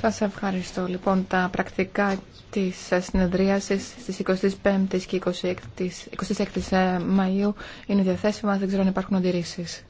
Σας ευχαριστώ. Λοιπόν, τα πρακτικά της συνεδρίασης στις 25 και 26 ε, Μαΐου είναι διαθέσιμα. Δεν ξέρω αν υπάρχουν αντιρρήσεις.